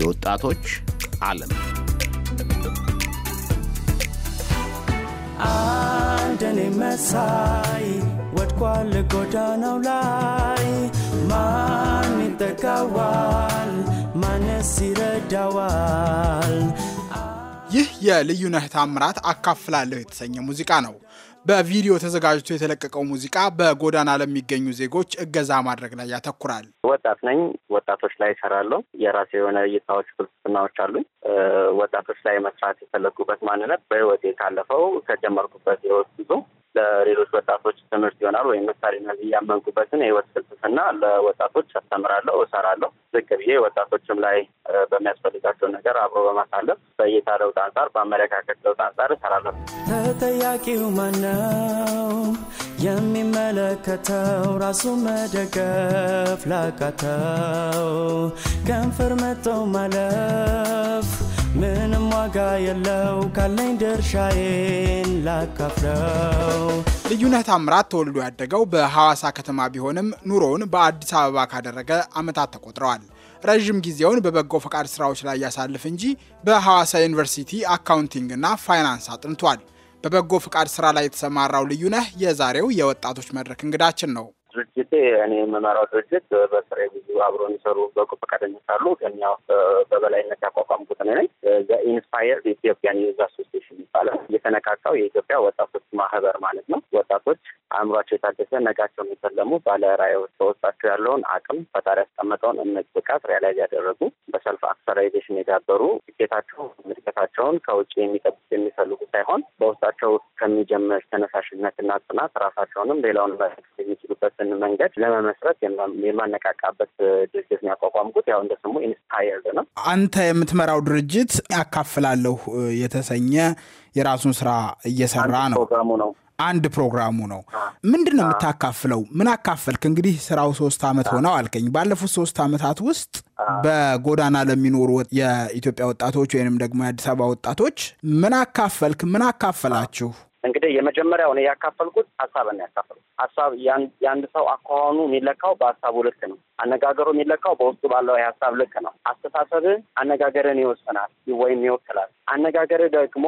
የወጣቶች ዓለም አንድ እኔ መሳይ ወድቋል ጎዳናው ላይ ማን ይጠጋዋል? ማነስ ይረዳዋል? ይህ የልዩነት ታምራት አካፍላለሁ የተሰኘ ሙዚቃ ነው። በቪዲዮ ተዘጋጅቶ የተለቀቀው ሙዚቃ በጎዳና ለሚገኙ ዜጎች እገዛ ማድረግ ላይ ያተኩራል። ወጣት ነኝ፣ ወጣቶች ላይ ይሰራለሁ። የራሴ የሆነ እይታዎች፣ ፍልስፍናዎች አሉኝ። ወጣቶች ላይ መስራት የፈለጉበት ማንነት በህይወቴ ካለፈው ከጀመርኩበት ህይወት ብዙ ለሌሎች ወጣቶች ትምህርት ይሆናል ወይም ምሳሌ ነ እያመንኩበትን የህይወት ፍልስፍና ለወጣቶች አስተምራለሁ፣ እሰራለሁ። ዝቅ ብዬ ወጣቶችም ላይ በሚያስፈልጋቸው ነገር አብሮ በማሳለፍ በእይታ ለውጥ አንጻር፣ በአመለካከት ለውጥ አንጻር እሰራለሁ። ተጠያቂው ማነው? የሚመለከተው ራሱ መደገፍ ላቃተው ከንፈር መጠው ማለፍ ምንም ዋጋ የለው ካለኝ ድርሻዬን ላካፍለው። ልዩነት አምራት ተወልዶ ያደገው በሐዋሳ ከተማ ቢሆንም ኑሮውን በአዲስ አበባ ካደረገ ዓመታት ተቆጥረዋል። ረዥም ጊዜውን በበጎ ፈቃድ ስራዎች ላይ ያሳልፍ እንጂ በሐዋሳ ዩኒቨርሲቲ አካውንቲንግና ፋይናንስ አጥንቷል። በበጎ ፈቃድ ስራ ላይ የተሰማራው ልዩነህ የዛሬው የወጣቶች መድረክ እንግዳችን ነው። ድርጅቴ እኔ የምመራው ድርጅት በስራ ብዙ አብሮ የሚሰሩ በጎ ፈቃደኞች አሉ። ከኛ በበላይነት ያቋቋምኩት እኔ ነኝ። ኢንስፓየርድ ኢትዮጵያን ዩዝ አሶሲሽን ይባላል። እየተነካካው የኢትዮጵያ ወጣቶች ማህበር ማለት ነው። ወጣቶች አእምሯቸው የታደሰ ነጋቸውን የተለሙ ባለራዕዮች በውስጣቸው ያለውን አቅም ፈጣሪ ያስቀመጠውን እምቅ ብቃት ሪያላይዝ ያደረጉ በሰልፍ አክሰራይዜሽን የዳበሩ ስኬታቸው ምድቀታቸውን ከውጭ የሚጠብቁ የሚፈልጉ ሳይሆን በውስጣቸው ከሚጀምር ተነሳሽነትና ጽናት ራሳቸውንም ሌላውን መረዳት የሚችሉበትን መንገድ ለመመስረት የማነቃቃበት ድርጅት ነው ያቋቋምኩት። ያው እንደ ስሙ ኢንስፓየርድ ነው። አንተ የምትመራው ድርጅት ያካፍላለሁ የተሰኘ የራሱን ስራ እየሰራ ነው ፕሮግራሙ ነው አንድ ፕሮግራሙ ነው። ምንድን ነው የምታካፍለው? ምን አካፈልክ? እንግዲህ ስራው ሶስት ዓመት ሆነው አልከኝ። ባለፉት ሶስት ዓመታት ውስጥ በጎዳና ለሚኖሩ የኢትዮጵያ ወጣቶች ወይንም ደግሞ የአዲስ አበባ ወጣቶች ምን አካፈልክ? ምን አካፈላችሁ? እንግዲህ የመጀመሪያውን ያካፈልኩት ሀሳብን ያካፈልኩት ሀሳብ የአንድ ሰው አኳኋኑ የሚለካው በሀሳቡ ልክ ነው። አነጋገሩ የሚለካው በውስጡ ባለው የሀሳብ ልክ ነው። አስተሳሰብ አነጋገርን ይወስናል ወይም ይወክላል። አነጋገር ደግሞ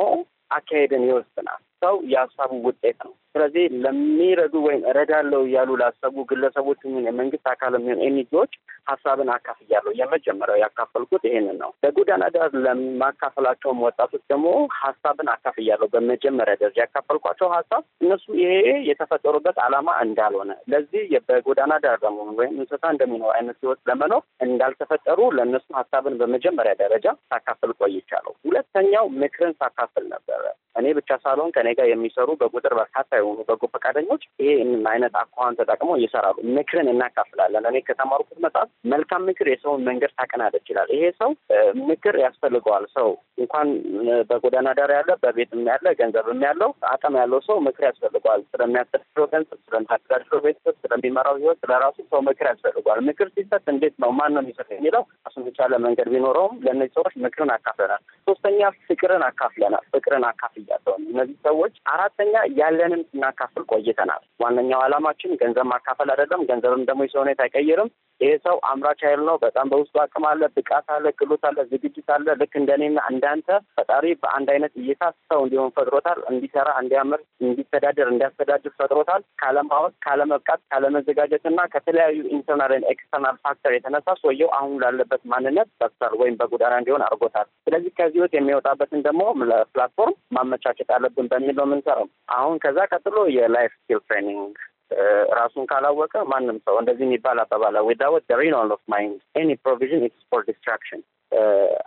አካሄድን ይወስናል። ሰው የሀሳቡ ውጤት ነው። ስለዚህ ለሚረዱ ወይም እረዳለው እያሉ ላሰቡ ግለሰቦች የሚሆን የመንግስት አካል የሚሆን ኤንጂኦዎች ሀሳብን አካፍያለሁ። የመጀመሪያው ያካፈልኩት ይሄንን ነው። ለጎዳና ዳር ለማካፈላቸውም ወጣቶች ደግሞ ሀሳብን አካፍያለሁ። በመጀመሪያ ደረጃ ያካፈልኳቸው ሀሳብ እነሱ ይሄ የተፈጠሩበት አላማ እንዳልሆነ ለዚህ በጎዳና ዳር ለመሆኑ ወይም እንስሳ እንደሚኖር አይነት ህይወት ለመኖር እንዳልተፈጠሩ ለእነሱ ሀሳብን በመጀመሪያ ደረጃ ሳካፍል ቆይቻለሁ። ሁለተኛው ምክርን ሳካፍል ነበረ እኔ ብቻ ሳልሆን ከኔ ጋር የሚሰሩ በቁጥር በርካታ የሆኑ በጎ ፈቃደኞች ይሄን አይነት አኳን ተጠቅመው ይሰራሉ። ምክርን እናካፍላለን። እኔ ከተማርኩት መጽሐፍ መልካም ምክር የሰውን መንገድ ታቀናለች ይላል። ይሄ ሰው ምክር ያስፈልገዋል ሰው እንኳን በጎዳና ዳር ያለ በቤትም ያለ ገንዘብም ያለው አቅም ያለው ሰው ምክር ያስፈልገዋል። ስለሚያስተዳድረው ገንዘብ፣ ስለሚያስተዳድረው ቤተሰብ፣ ስለሚመራው ህይወት፣ ስለራሱ ሰው ምክር ያስፈልገዋል። ምክር ሲሰጥ እንዴት ነው ማን ነው የሚሰጥ የሚለው ራሱን የቻለ መንገድ ቢኖረውም ለእነዚህ ሰዎች ምክርን አካፍለናል። ሶስተኛ ፍቅርን አካፍለናል። ፍቅርን አካፍያለሁ እነዚህ ሰዎች። አራተኛ ያለንን ስናካፍል ቆይተናል። ዋነኛው ዓላማችን ገንዘብ ማካፈል አይደለም። ገንዘብም ደግሞ የሰው ሁኔታ አይቀይርም። ይሄ ሰው አምራች ኃይል ነው። በጣም በውስጡ አቅም አለ፣ ብቃት አለ፣ ክህሎት አለ፣ ዝግጅት አለ። ልክ እንደኔና እንደ እንዳንተ ፈጣሪ በአንድ አይነት እይታ ሰው እንዲሆን ፈጥሮታል። እንዲሰራ፣ እንዲያምር፣ እንዲተዳደር፣ እንዲያስተዳድር ፈጥሮታል። ካለማወቅ፣ ካለመብቃት፣ ካለመዘጋጀትና ከተለያዩ ኢንተርናል ኤክስተርናል ፋክተር የተነሳ ሰውየው አሁን ላለበት ማንነት በክተር ወይም በጎዳና እንዲሆን አድርጎታል። ስለዚህ ከዚህ ወት የሚወጣበትን ደግሞ ፕላትፎርም ማመቻቸት አለብን በሚል ነው የምንሰራው። አሁን ከዛ ቀጥሎ የላይፍ ስኪል ትሬኒንግ ራሱን ካላወቀ ማንም ሰው እንደዚህ የሚባል አባባላ ዊዳወት ሪኖል ኦፍ ማይንድ ኤኒ ፕሮቪዥን ኢትስ ፎር ዲስትራክሽን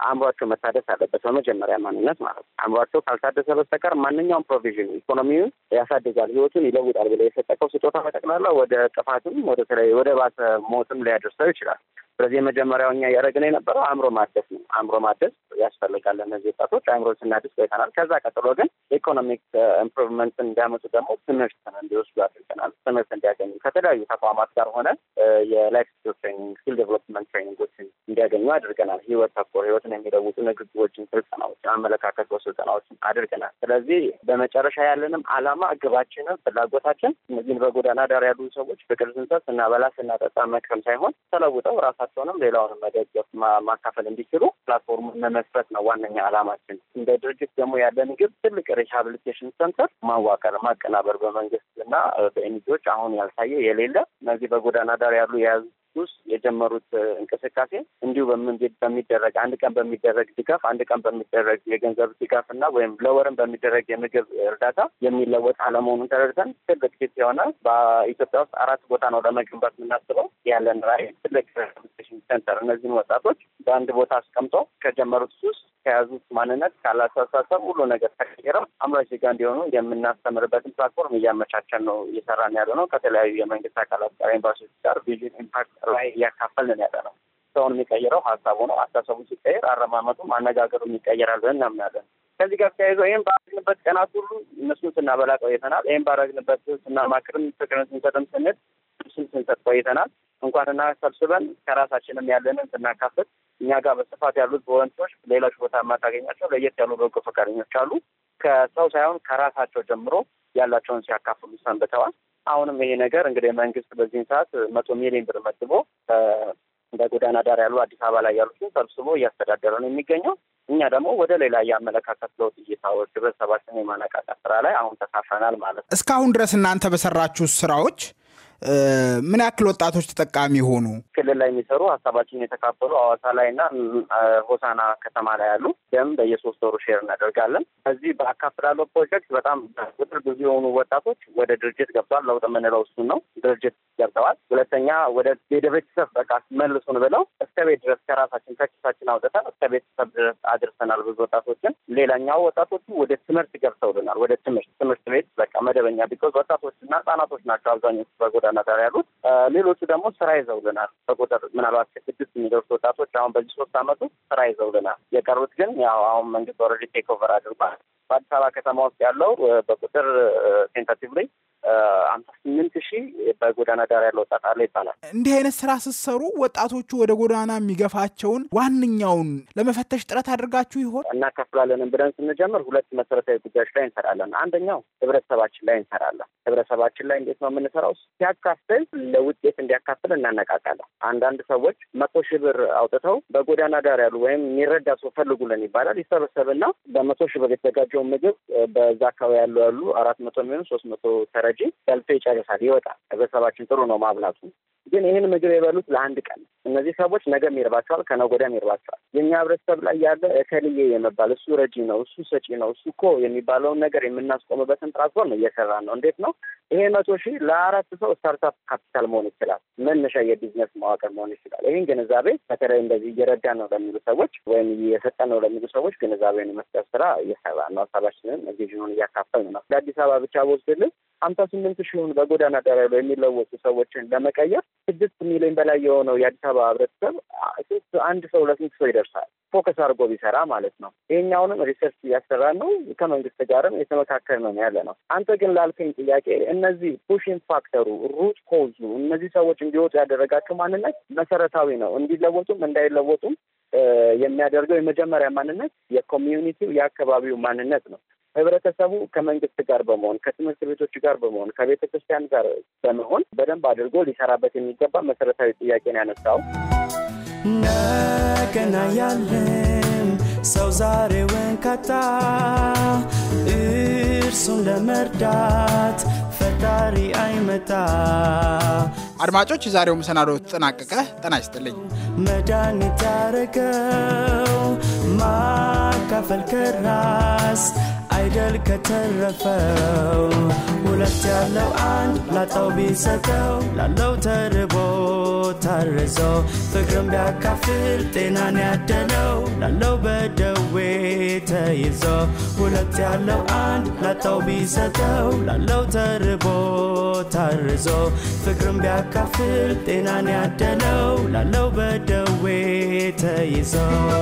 አእምሯቸው መታደስ አለበት። በመጀመሪያ ማንነት ማለት ነው። አእምሯቸው ካልታደሰ በስተቀር ማንኛውም ፕሮቪዥን ኢኮኖሚውን ያሳድጋል፣ ህይወቱን ይለውጣል ብለ የሰጠቀው ስጦታ በጠቅላላ ወደ ጥፋትም ወደ ተለይ ወደ ባሰ ሞትም ሊያደርሰው ይችላል። ስለዚህ የመጀመሪያው እኛ እያደረግን የነበረው አእምሮ ማደስ ነው። አእምሮ ማደስ ያስፈልጋል። እነዚህ ወጣቶች አእምሮ ስናድስ ቆይተናል። ከዛ ቀጥሎ ግን ኢኮኖሚክ ኢምፕሩቭመንትን እንዲያመጡ ደግሞ ትምህርት እንዲወስዱ አድርገናል። ትምህርት እንዲያገኙ ከተለያዩ ተቋማት ጋር ሆነ የላይፍ ስኪል ትሬኒንግ፣ ስኪል ዴቨሎፕመንት ትሬኒንጎችን እንዲያገኙ አድርገናል። ህይወት ተኮር ህይወትን የሚለውጡ ንግግቦችን፣ ስልጠናዎችን፣ አመለካከት ስልጠናዎችን አድርገናል። ስለዚህ በመጨረሻ ያለንም አላማ ግባችንም ፍላጎታችን እነዚህን በጎዳና ዳር ያሉ ሰዎች ፍቅር ስንሰጥ፣ ስናበላ፣ ስናጠጣ መክረም ሳይሆን ተለውጠው ራሳ ራሳቸውንም ሌላውንም መደገፍ ማካፈል እንዲችሉ ፕላትፎርሙን መመስረት ነው ዋነኛ ዓላማችን። እንደ ድርጅት ደግሞ ያለን ግብ ትልቅ ሪሃብሊቴሽን ሰንተር ማዋቀር፣ ማቀናበር በመንግስት እና በኤንጂኦች አሁን ያልታየ የሌለ እነዚህ በጎዳና ዳር ያሉ የያዙ ውስጥ የጀመሩት እንቅስቃሴ እንዲሁ በሚደረግ አንድ ቀን በሚደረግ ድጋፍ አንድ ቀን በሚደረግ የገንዘብ ድጋፍ እና ወይም ለወርም በሚደረግ የምግብ እርዳታ የሚለወጥ አለመሆኑን ተረድተን ትልቅ ፊት የሆነ በኢትዮጵያ ውስጥ አራት ቦታ ነው ለመገንባት የምናስበው ያለን ራዕይ ትልቅ ሪሃብሊቴሽን ሴንተር እነዚህን ወጣቶች በአንድ ቦታ አስቀምጦ ከጀመሩት ውስጥ ከያዙት ማንነት ካላሳሳሰብ ሁሉ ነገር ተቀይረው አምራች ዜጋ እንዲሆኑ የምናስተምርበትን ፕላትፎርም እያመቻቸን ነው እየሰራን ያለ ነው ከተለያዩ የመንግስት አካላት ጋር ኤምባሲዎች ጋር ቪዥን ኢምፓክት ራዕይ እያካፈልን ያለ ነው። ሰውን የሚቀይረው ሀሳቡ ነው። አስተሳሰቡ ሲቀየር አረማመጡም አነጋገሩም ይቀየራል ብለን እናምናለን። ከዚህ ጋር ተያይዘው ይህን ባረግንበት ቀናት ሁሉ እነሱን ስናበላ ቆይተናል። ይህን ባረግንበት ስናማክርም፣ ፍቅርን ስንሰጥም ስንል እሱን ስንሰጥ ቆይተናል። እንኳን እና ሰብስበን ከራሳችንም ያለንን ስናካፍል እኛ ጋር በስፋት ያሉት በወንቶች ሌላች ቦታ የማታገኛቸው ለየት ያሉ በጎ ፈቃደኞች አሉ። ከሰው ሳይሆን ከራሳቸው ጀምሮ ያላቸውን ሲያካፍሉ ሰንብተዋል። አሁንም ይሄ ነገር እንግዲህ መንግስት በዚህም ሰዓት መቶ ሚሊዮን ብር መድቦ እንደ ጎዳና ዳር ያሉ አዲስ አበባ ላይ ያሉትን ሰብስቦ እያስተዳደረ ነው የሚገኘው። እኛ ደግሞ ወደ ሌላ የአመለካከት ለውጥ እይታዎች ህብረተሰባችን የማነቃቃት ስራ ላይ አሁን ተሳፈናል ማለት ነው። እስካሁን ድረስ እናንተ በሰራችሁ ስራዎች ምን ያክል ወጣቶች ተጠቃሚ ሆኑ? ክልል ላይ የሚሰሩ ሀሳባችን የተካፈሉ አዋሳ ላይ እና ሆሳና ከተማ ላይ ያሉ ደም በየሶስት ወሩ ሼር እናደርጋለን። በዚህ በአካፍላለ ፕሮጀክት በጣም ቁጥር ብዙ የሆኑ ወጣቶች ወደ ድርጅት ገብተዋል። ለውጥ የምንለው እሱን ነው። ድርጅት ገብተዋል። ሁለተኛ ወደ ቤተሰብ በቃ መልሱን ብለው እስከ ቤት ድረስ ከራሳችን ከኪሳችን አውጥተን እስከ ቤተሰብ ድረስ አድርሰናል ብዙ ወጣቶችን። ሌላኛው ወጣቶቹ ወደ ትምህርት ገብተውልናል። ወደ ትምህርት ትምህርት ቤት በቃ መደበኛ ቢኮዝ ወጣቶችና ህጻናቶች ናቸው አብዛኞቹ በጎዳ ነበር ያሉት። ሌሎቹ ደግሞ ስራ ይዘውልናል በቁጥር ምናልባት ከስድስት የሚደርሱ ወጣቶች አሁን በዚህ ሶስት አመቱ ስራ ይዘውልናል። የቀሩት ግን ያው አሁን መንግስት ኦልሬዲ ቴክ ኦቨር አድርጓል። በአዲስ አበባ ከተማ ውስጥ ያለው በቁጥር ቴንታቲቭ ላይ ስምንት ሺህ በጎዳና ዳር ያለ ወጣት አለ ይባላል። እንዲህ አይነት ስራ ስትሰሩ ወጣቶቹ ወደ ጎዳና የሚገፋቸውን ዋነኛውን ለመፈተሽ ጥረት አድርጋችሁ ይሆን? እናካፍላለንም ብለን ስንጀምር ሁለት መሰረታዊ ጉዳዮች ላይ እንሰራለን። አንደኛው ህብረተሰባችን ላይ እንሰራለን። ህብረተሰባችን ላይ እንዴት ነው የምንሰራው? ሲያካፍል ለውጤት እንዲያካፍል እናነቃቃለን። አንዳንድ ሰዎች መቶ ሺህ ብር አውጥተው በጎዳና ዳር ያሉ ወይም የሚረዳ ሰው ፈልጉልን ይባላል። ይሰበሰብና በመቶ ሺህ ብር የተዘጋጀውን ምግብ በዛ አካባቢ ያሉ ያሉ አራት መቶ የሚሆኑ ሶስት መቶ ተረጂ ሰልፌ ይደርሳል ይወጣል። ህብረተሰባችን ጥሩ ነው ማብላቱ። ግን ይህን ምግብ የበሉት ለአንድ ቀን። እነዚህ ሰዎች ነገም ይርባቸዋል፣ ከነገ ወዲያም ይርባቸዋል። የእኛ ህብረተሰብ ላይ ያለ እከልዬ የመባል እሱ ረጂ ነው፣ እሱ ሰጪ ነው፣ እሱ እኮ የሚባለውን ነገር የምናስቆምበትን ትራንስፎርም እየሰራ ነው። እንዴት ነው ይሄ መቶ ሺህ ለአራት ሰው ስታርታፕ ካፒታል መሆን ይችላል፣ መነሻ የቢዝነስ መዋቅር መሆን ይችላል። ይህን ግንዛቤ በተለይ እንደዚህ እየረዳ ነው ለሚሉ ሰዎች ወይም እየሰጠ ነው ለሚሉ ሰዎች ግንዛቤን የመስጠት ስራ እየሰራ ነው። ሀሳባችንን ቪዥኑን እያካፈል ነው። ለአዲስ አበባ ብቻ ወስድልን ሀምሳ ስምንት ሺውን በጎዳና ዳር ላይ የሚለወጡ ሰዎችን ለመቀየር ስድስት ሚሊዮን በላይ የሆነው የአዲስ አበባ ህብረተሰብ ስንት አንድ ሰው ለስንት ሰው ይደርሳል ፎከስ አድርጎ ቢሰራ ማለት ነው። ይሄኛውንም ሪሰርች እያሰራ ነው። ከመንግስት ጋርም የተመካከል ነው ያለ ነው። አንተ ግን ላልከኝ ጥያቄ እነዚህ ፑሽን ፋክተሩ ሩት ኮዙ እነዚህ ሰዎች እንዲወጡ ያደረጋቸው ማንነት መሰረታዊ ነው። እንዲለወጡም እንዳይለወጡም የሚያደርገው የመጀመሪያ ማንነት የኮሚዩኒቲው የአካባቢው ማንነት ነው። ህብረተሰቡ ከመንግስት ጋር በመሆን ከትምህርት ቤቶች ጋር በመሆን ከቤተ ክርስቲያን ጋር በመሆን በደንብ አድርጎ ሊሰራበት የሚገባ መሰረታዊ ጥያቄን ያነሳው ነገና ያለን ሰው ዛሬ ወንካታ እርሱን ለመርዳት ፈጣሪ አይመጣ። አድማጮች፣ የዛሬው መሰናዶ ተጠናቀቀ። ጠና ይስጥልኝ። መዳን ያረገው ማካፈል ከራስ አይደል ከተረፈው ሁለት ያለው አንድ ላጣው ቢሰጠው ላለው ተርቦ ታርዞ ፍቅርም ቢያካፍል ጤናን ያደለው ላለው በደዌ ተይዞ ሁለት ያለው አንድ ላጣው ቢሰጠው ላለው ተርቦ ታርዞ ፍቅርም ቢያካፍል ጤናን ያደለው ላለው በደዌ ተይዘው።